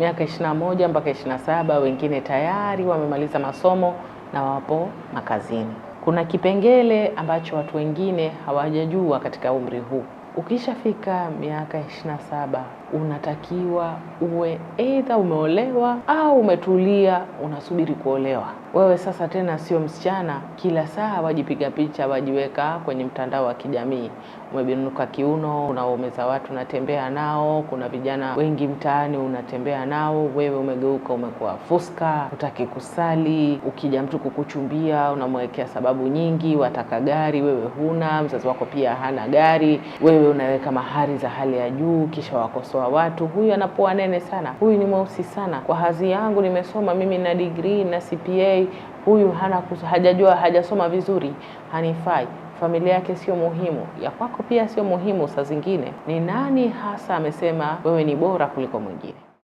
miaka 21 moja mpaka 27 saba wengine tayari wamemaliza masomo na wapo makazini. Kuna kipengele ambacho watu wengine hawajajua katika umri huu. Ukishafika miaka ishirini na saba unatakiwa uwe eidha umeolewa au umetulia unasubiri kuolewa. Wewe sasa tena sio msichana kila saa wajipiga picha wajiweka kwenye mtandao wa kijamii, umebinuka kiuno, unaomeza watu, unatembea nao, kuna vijana wengi mtaani unatembea nao, wewe umegeuka, umekuwa fuska, utaki kusali. Ukija mtu kukuchumbia, unamwekea sababu nyingi, wataka gari, wewe huna, mzazi wako pia hana gari, wewe wewe unaweka mahari za hali ya juu, kisha wakosoa watu, huyu anapoa nene sana, huyu ni mweusi sana, kwa hadhi yangu nimesoma mimi na degree na CPA, huyu hana hajajua hajasoma vizuri, hanifai familia yake sio muhimu, ya kwako pia sio muhimu. Saa zingine ni nani hasa amesema wewe ni bora kuliko mwingine?